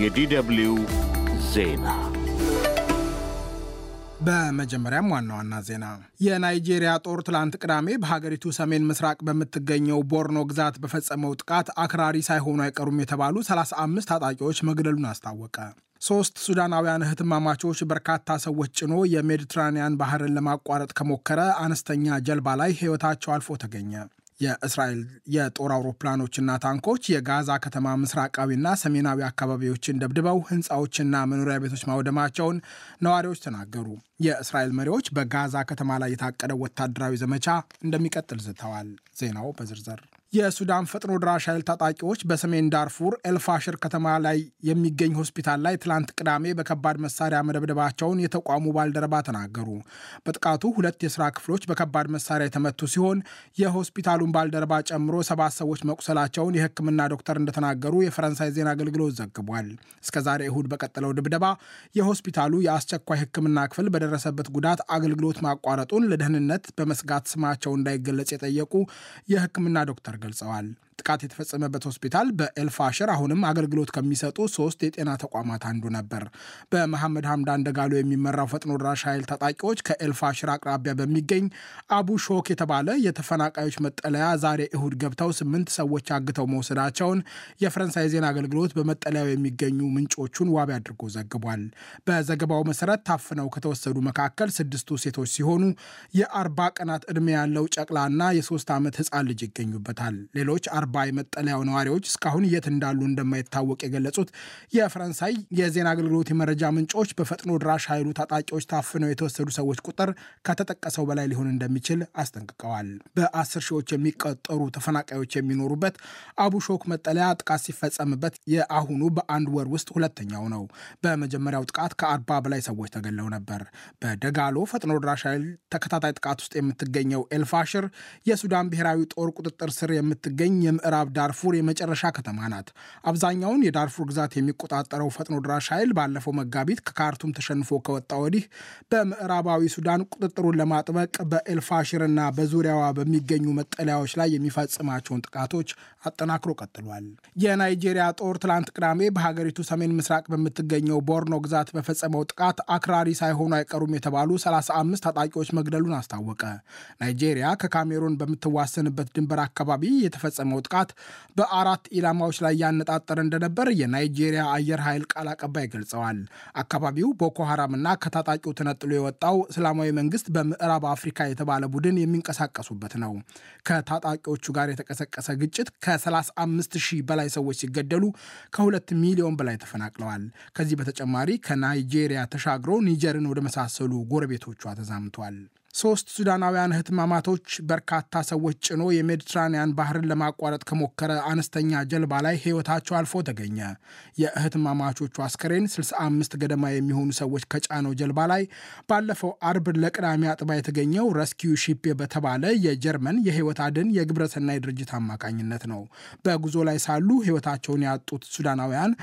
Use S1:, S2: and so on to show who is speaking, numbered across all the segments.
S1: የዲደብልዩ ዜና በመጀመሪያም ዋና ዋና ዜና የናይጄሪያ ጦር ትላንት ቅዳሜ በሀገሪቱ ሰሜን ምስራቅ በምትገኘው ቦርኖ ግዛት በፈጸመው ጥቃት አክራሪ ሳይሆኑ አይቀሩም የተባሉ 35 ታጣቂዎች መግደሉን አስታወቀ። ሶስት ሱዳናውያን እህትማማቾች በርካታ ሰዎች ጭኖ የሜዲትራኒያን ባህርን ለማቋረጥ ከሞከረ አነስተኛ ጀልባ ላይ ሕይወታቸው አልፎ ተገኘ። የእስራኤል የጦር አውሮፕላኖችና ታንኮች የጋዛ ከተማ ምስራቃዊና ሰሜናዊ አካባቢዎችን ደብድበው ህንፃዎችና መኖሪያ ቤቶች ማውደማቸውን ነዋሪዎች ተናገሩ። የእስራኤል መሪዎች በጋዛ ከተማ ላይ የታቀደው ወታደራዊ ዘመቻ እንደሚቀጥል ዝተዋል። ዜናው በዝርዝር የሱዳን ፈጥኖ ድራሽ ኃይል ታጣቂዎች በሰሜን ዳርፉር ኤልፋሽር ከተማ ላይ የሚገኝ ሆስፒታል ላይ ትላንት ቅዳሜ በከባድ መሳሪያ መደብደባቸውን የተቋሙ ባልደረባ ተናገሩ። በጥቃቱ ሁለት የስራ ክፍሎች በከባድ መሳሪያ የተመቱ ሲሆን የሆስፒታሉን ባልደረባ ጨምሮ ሰባት ሰዎች መቁሰላቸውን የሕክምና ዶክተር እንደተናገሩ የፈረንሳይ ዜና አገልግሎት ዘግቧል። እስከዛሬ እሁድ በቀጠለው ድብደባ የሆስፒታሉ የአስቸኳይ ሕክምና ክፍል በደረሰበት ጉዳት አገልግሎት ማቋረጡን ለደህንነት በመስጋት ስማቸው እንዳይገለጽ የጠየቁ የሕክምና ዶክተር ገልጸዋል። ጥቃት የተፈጸመበት ሆስፒታል በኤልፋሽር አሁንም አገልግሎት ከሚሰጡ ሶስት የጤና ተቋማት አንዱ ነበር። በመሐመድ ሐምዳን ደጋሎ የሚመራው ፈጥኖ ድራሽ ኃይል ታጣቂዎች ከኤልፋሽር አቅራቢያ በሚገኝ አቡ ሾክ የተባለ የተፈናቃዮች መጠለያ ዛሬ እሁድ ገብተው ስምንት ሰዎች አግተው መውሰዳቸውን የፈረንሳይ ዜና አገልግሎት በመጠለያው የሚገኙ ምንጮቹን ዋቢ አድርጎ ዘግቧል። በዘገባው መሰረት ታፍነው ከተወሰዱ መካከል ስድስቱ ሴቶች ሲሆኑ የአርባ ቀናት ዕድሜ ያለው ጨቅላና የሶስት ዓመት ህፃን ልጅ ይገኙበታል። ሌሎች አርባ የመጠለያው ነዋሪዎች እስካሁን የት እንዳሉ እንደማይታወቅ የገለጹት የፈረንሳይ የዜና አገልግሎት የመረጃ ምንጮች በፈጥኖ ድራሽ ኃይሉ ታጣቂዎች ታፍነው የተወሰዱ ሰዎች ቁጥር ከተጠቀሰው በላይ ሊሆን እንደሚችል አስጠንቅቀዋል። በአስር ሺዎች የሚቀጠሩ ተፈናቃዮች የሚኖሩበት አቡሾክ መጠለያ ጥቃት ሲፈጸምበት የአሁኑ በአንድ ወር ውስጥ ሁለተኛው ነው። በመጀመሪያው ጥቃት ከአርባ በላይ ሰዎች ተገለው ነበር። በደጋሎ ፈጥኖ ድራሽ ኃይል ተከታታይ ጥቃት ውስጥ የምትገኘው ኤልፋሽር የሱዳን ብሔራዊ ጦር ቁጥጥር ስር የምትገኝ የምዕራብ ዳርፉር የመጨረሻ ከተማ ናት። አብዛኛውን የዳርፉር ግዛት የሚቆጣጠረው ፈጥኖ ድራሽ ኃይል ባለፈው መጋቢት ከካርቱም ተሸንፎ ከወጣ ወዲህ በምዕራባዊ ሱዳን ቁጥጥሩን ለማጥበቅ በኤልፋሽርና በዙሪያዋ በሚገኙ መጠለያዎች ላይ የሚፈጽማቸውን ጥቃቶች አጠናክሮ ቀጥሏል። የናይጄሪያ ጦር ትላንት ቅዳሜ በሀገሪቱ ሰሜን ምስራቅ በምትገኘው ቦርኖ ግዛት በፈጸመው ጥቃት አክራሪ ሳይሆኑ አይቀሩም የተባሉ 35 ታጣቂዎች መግደሉን አስታወቀ። ናይጄሪያ ከካሜሩን በምትዋሰንበት ድንበር አካባቢ የተፈጸመው ጥቃት በአራት ኢላማዎች ላይ ያነጣጠረ እንደነበር የናይጄሪያ አየር ኃይል ቃል አቀባይ ገልጸዋል። አካባቢው ቦኮ ሐራምና ከታጣቂው ተነጥሎ የወጣው እስላማዊ መንግስት በምዕራብ አፍሪካ የተባለ ቡድን የሚንቀሳቀሱበት ነው። ከታጣቂዎቹ ጋር የተቀሰቀሰ ግጭት ከ35 ሺህ በላይ ሰዎች ሲገደሉ ከሁለት ሚሊዮን በላይ ተፈናቅለዋል። ከዚህ በተጨማሪ ከናይጄሪያ ተሻግሮ ኒጀርን ወደ መሳሰሉ ጎረቤቶቿ ተዛምቷል። ሶስት ሱዳናውያን እህትማማቶች በርካታ ሰዎች ጭኖ የሜዲትራንያን ባህርን ለማቋረጥ ከሞከረ አነስተኛ ጀልባ ላይ ህይወታቸው አልፎ ተገኘ። የእህትማማቾቹ አስከሬን 65 ገደማ የሚሆኑ ሰዎች ከጫነው ጀልባ ላይ ባለፈው አርብ ለቅዳሜ አጥባ የተገኘው ረስኪዩ ሺፕ በተባለ የጀርመን የህይወት አድን የግብረሰናይ ድርጅት አማካኝነት ነው። በጉዞ ላይ ሳሉ ህይወታቸውን ያጡት ሱዳናውያን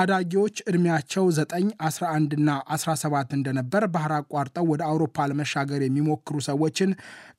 S1: አዳጊዎች ዕድሜያቸው 9፣ 11 እና 17 እንደነበር ባህር አቋርጠው ወደ አውሮፓ ለመሻገር የሚሞክሩ ሰዎችን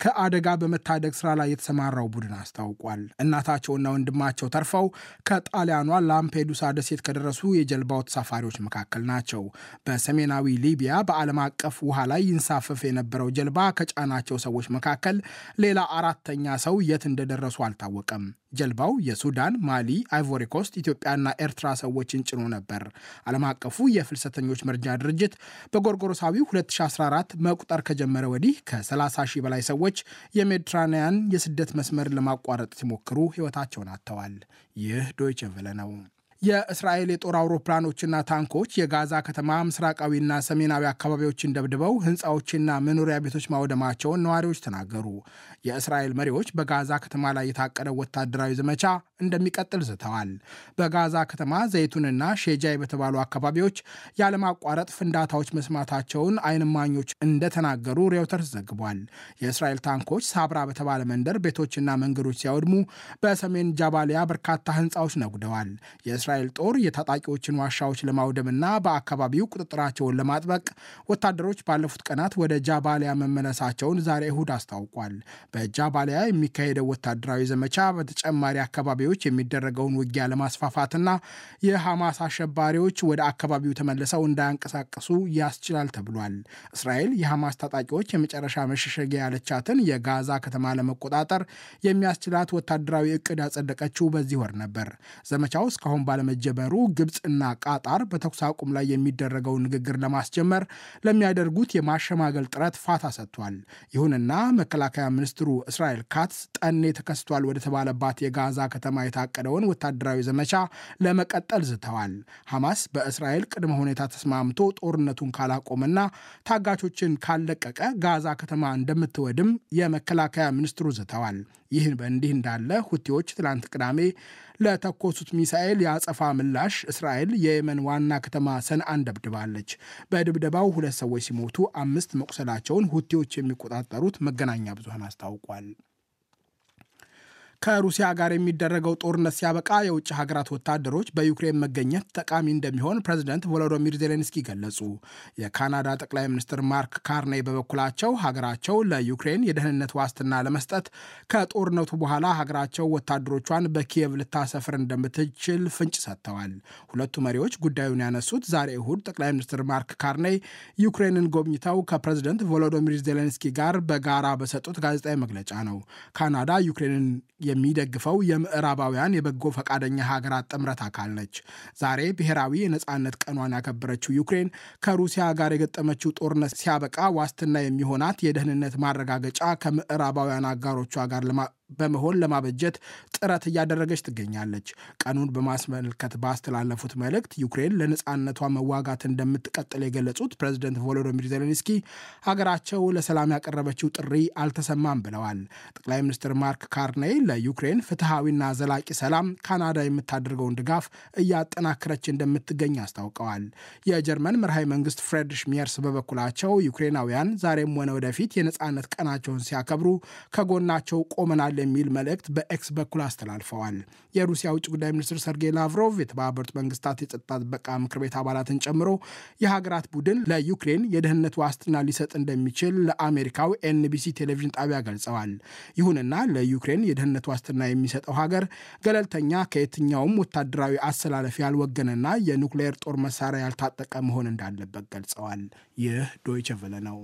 S1: ከአደጋ በመታደግ ስራ ላይ የተሰማራው ቡድን አስታውቋል። እናታቸውና ወንድማቸው ተርፈው ከጣሊያኗ ላምፔዱሳ ደሴት ከደረሱ የጀልባው ተሳፋሪዎች መካከል ናቸው። በሰሜናዊ ሊቢያ በዓለም አቀፍ ውሃ ላይ ይንሳፈፍ የነበረው ጀልባ ከጫናቸው ሰዎች መካከል ሌላ አራተኛ ሰው የት እንደደረሱ አልታወቀም። ጀልባው የሱዳን፣ ማሊ፣ አይቮሪኮስት፣ ኢትዮጵያና ኤርትራ ሰዎችን ጭኖ ነበር። ዓለም አቀፉ የፍልሰተኞች መርጃ ድርጅት በጎርጎሮሳዊ 2014 መቁጠር ከጀመረ ወዲህ ከ30 ሺህ በላይ ሰዎች የሜዲትራንያን የስደት መስመር ለማቋረጥ ሲሞክሩ ሕይወታቸውን አጥተዋል። ይህ ዶይቸ ነው። የእስራኤል የጦር አውሮፕላኖችና ታንኮች የጋዛ ከተማ ምስራቃዊና ሰሜናዊ አካባቢዎችን ደብድበው ህንፃዎችና መኖሪያ ቤቶች ማውደማቸውን ነዋሪዎች ተናገሩ። የእስራኤል መሪዎች በጋዛ ከተማ ላይ የታቀደው ወታደራዊ ዘመቻ እንደሚቀጥል ዝተዋል። በጋዛ ከተማ ዘይቱንና ሼጃይ በተባሉ አካባቢዎች ያለማቋረጥ ፍንዳታዎች መስማታቸውን አይንማኞች እንደተናገሩ ሬውተርስ ዘግቧል። የእስራኤል ታንኮች ሳብራ በተባለ መንደር ቤቶችና መንገዶች ሲያወድሙ፣ በሰሜን ጃባሊያ በርካታ ሕንፃዎች ነጉደዋል። የእስራኤል ጦር የታጣቂዎችን ዋሻዎች ለማውደምና በአካባቢው ቁጥጥራቸውን ለማጥበቅ ወታደሮች ባለፉት ቀናት ወደ ጃባሊያ መመለሳቸውን ዛሬ እሁድ አስታውቋል። በጃባሊያ የሚካሄደው ወታደራዊ ዘመቻ በተጨማሪ አካባቢዎች አካባቢዎች የሚደረገውን ውጊያ ለማስፋፋትና የሐማስ አሸባሪዎች ወደ አካባቢው ተመልሰው እንዳያንቀሳቀሱ ያስችላል ተብሏል። እስራኤል የሐማስ ታጣቂዎች የመጨረሻ መሸሸጊያ ያለቻትን የጋዛ ከተማ ለመቆጣጠር የሚያስችላት ወታደራዊ እቅድ ያጸደቀችው በዚህ ወር ነበር። ዘመቻው እስካሁን ባለመጀመሩ ግብፅ እና ቃጣር በተኩስ አቁም ላይ የሚደረገውን ንግግር ለማስጀመር ለሚያደርጉት የማሸማገል ጥረት ፋታ ሰጥቷል። ይሁንና መከላከያ ሚኒስትሩ እስራኤል ካትስ ጠኔ ተከስቷል ወደተባለባት የጋዛ ከተማ ከተማ የታቀደውን ወታደራዊ ዘመቻ ለመቀጠል ዝተዋል። ሐማስ በእስራኤል ቅድመ ሁኔታ ተስማምቶ ጦርነቱን ካላቆመና ታጋቾችን ካለቀቀ ጋዛ ከተማ እንደምትወድም የመከላከያ ሚኒስትሩ ዝተዋል። ይህ በእንዲህ እንዳለ ሁቲዎች ትላንት ቅዳሜ ለተኮሱት ሚሳኤል የአጸፋ ምላሽ እስራኤል የየመን ዋና ከተማ ሰንአን ደብድባለች። በድብደባው ሁለት ሰዎች ሲሞቱ አምስት መቁሰላቸውን ሁቲዎች የሚቆጣጠሩት መገናኛ ብዙሃን አስታውቋል። ከሩሲያ ጋር የሚደረገው ጦርነት ሲያበቃ የውጭ ሀገራት ወታደሮች በዩክሬን መገኘት ጠቃሚ እንደሚሆን ፕሬዚደንት ቮሎዶሚር ዜሌንስኪ ገለጹ። የካናዳ ጠቅላይ ሚኒስትር ማርክ ካርኔ በበኩላቸው ሀገራቸው ለዩክሬን የደህንነት ዋስትና ለመስጠት ከጦርነቱ በኋላ ሀገራቸው ወታደሮቿን በኪየቭ ልታሰፍር እንደምትችል ፍንጭ ሰጥተዋል። ሁለቱ መሪዎች ጉዳዩን ያነሱት ዛሬ እሁድ ጠቅላይ ሚኒስትር ማርክ ካርኔ ዩክሬንን ጎብኝተው ከፕሬዚደንት ቮሎዶሚር ዜሌንስኪ ጋር በጋራ በሰጡት ጋዜጣዊ መግለጫ ነው። ካናዳ ዩክሬንን የሚደግፈው የምዕራባውያን የበጎ ፈቃደኛ ሀገራት ጥምረት አካል ነች። ዛሬ ብሔራዊ የነፃነት ቀኗን ያከበረችው ዩክሬን ከሩሲያ ጋር የገጠመችው ጦርነት ሲያበቃ ዋስትና የሚሆናት የደህንነት ማረጋገጫ ከምዕራባውያን አጋሮቿ ጋር በመሆን ለማበጀት ጥረት እያደረገች ትገኛለች። ቀኑን በማስመልከት ባስተላለፉት መልእክት ዩክሬን ለነፃነቷ መዋጋት እንደምትቀጥል የገለጹት ፕሬዚደንት ቮሎዶሚር ዜሌንስኪ ሀገራቸው ለሰላም ያቀረበችው ጥሪ አልተሰማም ብለዋል። ጠቅላይ ሚኒስትር ማርክ ካርኔ ለዩክሬን ፍትሐዊና ዘላቂ ሰላም ካናዳ የምታደርገውን ድጋፍ እያጠናከረች እንደምትገኝ አስታውቀዋል። የጀርመን መርሃዊ መንግስት ፍሬድሪሽ ሚየርስ በበኩላቸው ዩክሬናውያን ዛሬም ሆነ ወደፊት የነፃነት ቀናቸውን ሲያከብሩ ከጎናቸው ቆመናል የሚል መልእክት በኤክስ በኩል አስተላልፈዋል። የሩሲያ ውጭ ጉዳይ ሚኒስትር ሰርጌይ ላቭሮቭ የተባበሩት መንግስታት የጸጥታ ጥበቃ ምክር ቤት አባላትን ጨምሮ የሀገራት ቡድን ለዩክሬን የደህንነት ዋስትና ሊሰጥ እንደሚችል ለአሜሪካው ኤንቢሲ ቴሌቪዥን ጣቢያ ገልጸዋል። ይሁንና ለዩክሬን የደህንነት ዋስትና የሚሰጠው ሀገር ገለልተኛ ከየትኛውም ወታደራዊ አሰላለፍ ያልወገነና የኑክሌር ጦር መሳሪያ ያልታጠቀ መሆን እንዳለበት ገልጸዋል። ይህ ዶይቸ ቬለ ነው።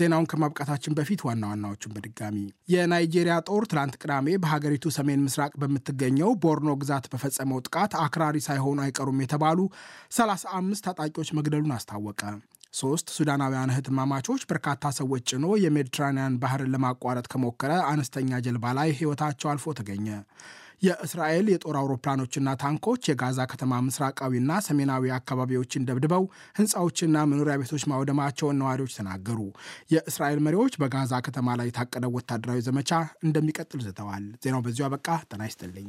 S1: ዜናውን ከማብቃታችን በፊት ዋና ዋናዎቹን በድጋሚ የናይጄሪያ ጦር ትላንት ቅዳሜ በሀገሪቱ ሰሜን ምስራቅ በምትገኘው ቦርኖ ግዛት በፈጸመው ጥቃት አክራሪ ሳይሆኑ አይቀሩም የተባሉ 35 ታጣቂዎች መግደሉን አስታወቀ። ሶስት ሱዳናውያን እህትማማቾች በርካታ ሰዎች ጭኖ የሜዲትራኒያን ባህርን ለማቋረጥ ከሞከረ አነስተኛ ጀልባ ላይ ሕይወታቸው አልፎ ተገኘ። የእስራኤል የጦር አውሮፕላኖችና ታንኮች የጋዛ ከተማ ምስራቃዊና ሰሜናዊ አካባቢዎችን ደብድበው ህንፃዎችና መኖሪያ ቤቶች ማውደማቸውን ነዋሪዎች ተናገሩ። የእስራኤል መሪዎች በጋዛ ከተማ ላይ የታቀደው ወታደራዊ ዘመቻ እንደሚቀጥል ዝተዋል። ዜናው በዚሁ አበቃ። ጤና ይስጥልኝ።